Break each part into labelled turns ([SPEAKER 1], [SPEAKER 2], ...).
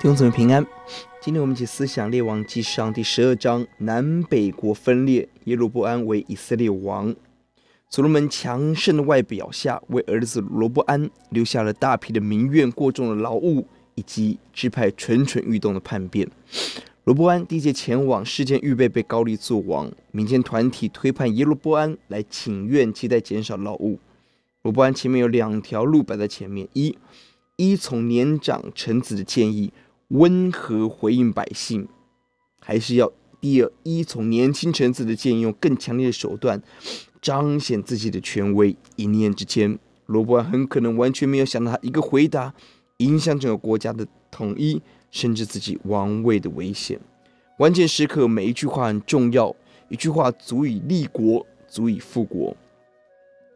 [SPEAKER 1] 聽眾朋友平安，今天我們一起思想列王紀上第十二章，南北國分裂，耶羅波安為以色列王。所羅門強盛的外表下，為兒子羅波安留下了大批的民怨、過重的勞務，以及支派蠢蠢欲動的叛變。羅波安第一屆前往，示劍預備被膏立做王，民間團體推派耶羅波安來請願，期待減少勞務。羅波安前面有兩條路擺在前面，一，依從年長臣子的建議，溫和回應百姓，還是要依從年輕臣子的建議，用更強烈的手段彰顯自己的權威？一念之間，羅波安很可能完全沒有想到，他一個回答影響整個國家的統一，甚至自己王位的危險。關鍵時刻，每一句話很重要，一句話足以立國，足以覆國。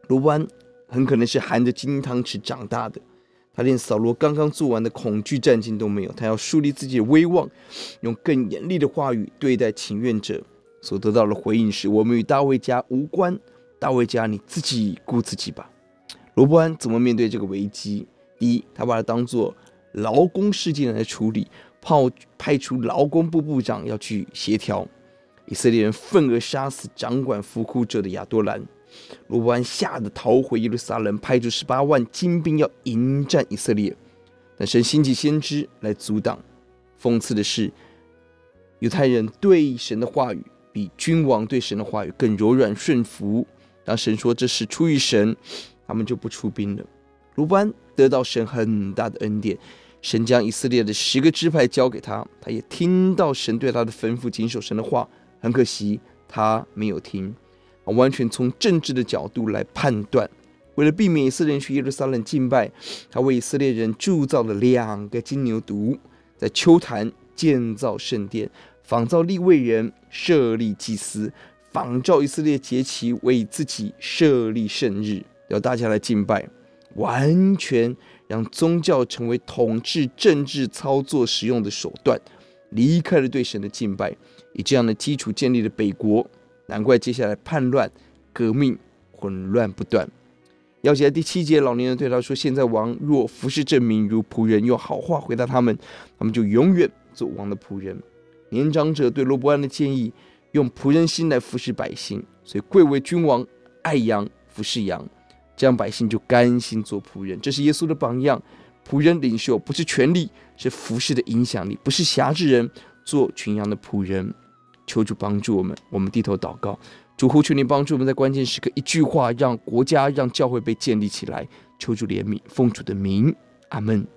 [SPEAKER 1] 羅波安很可能是含着金湯匙長大的。他連掃羅剛剛做完的恐懼戰兢都沒有，他要樹立自己的威望，用更嚴厲的話語對待請願者。所得到的回應是：“我們與大衛家無關，大衛家你自己顧自己吧。”羅波安怎麼面對這個危機？第一，他把它當做勞工事件來處理，派派出勞工部部長要去協調。以色列人奮而殺死掌管服苦者的亞多蘭。羅波安嚇得逃回耶路撒冷，派出十八萬精兵要迎戰以色列，但神興起先知來阻擋。諷刺的是，猶太人對神的話語比君王對神的話語更柔軟順服。當神說這是出於神，他們就不出兵了。羅波安得到神很大的恩典，神將以色列的十個支派交給他，他也聽到神對他的吩咐，謹守神的話。很可惜，他沒有聽。完全從政治的角度來判斷，為了避免以色列人去耶路撒冷敬拜，他為以色列人鑄造了兩個金牛犢，在邱壇建造聖殿，仿造利未人設立祭司，仿照以色列節期為自己設立聖日，要大家來敬拜，完全讓宗教成為統治政治操作使用的手段，離開了對神的敬拜，以這樣的基礎建立了北國。難怪接下來叛亂、革命、混亂不斷。鑰節在第七節，老年人對他說：“現在王若服侍這民如僕人，用好話回答他們，他們就永遠做王的僕人。”年長者對羅波安的建議：“用僕人心來服侍百姓，所以貴為君王，愛羊服侍羊，這樣百姓就甘心做僕人。”這是耶穌的榜樣。僕人領袖不是權力，是服侍的影響力，不是挾制人做群羊的僕人。求主幫助我們，我們低頭禱告，主呼求你幫助我們，在關鍵時刻一句話，讓國家、讓教會被建立起來。求主憐憫，奉主的名，阿門。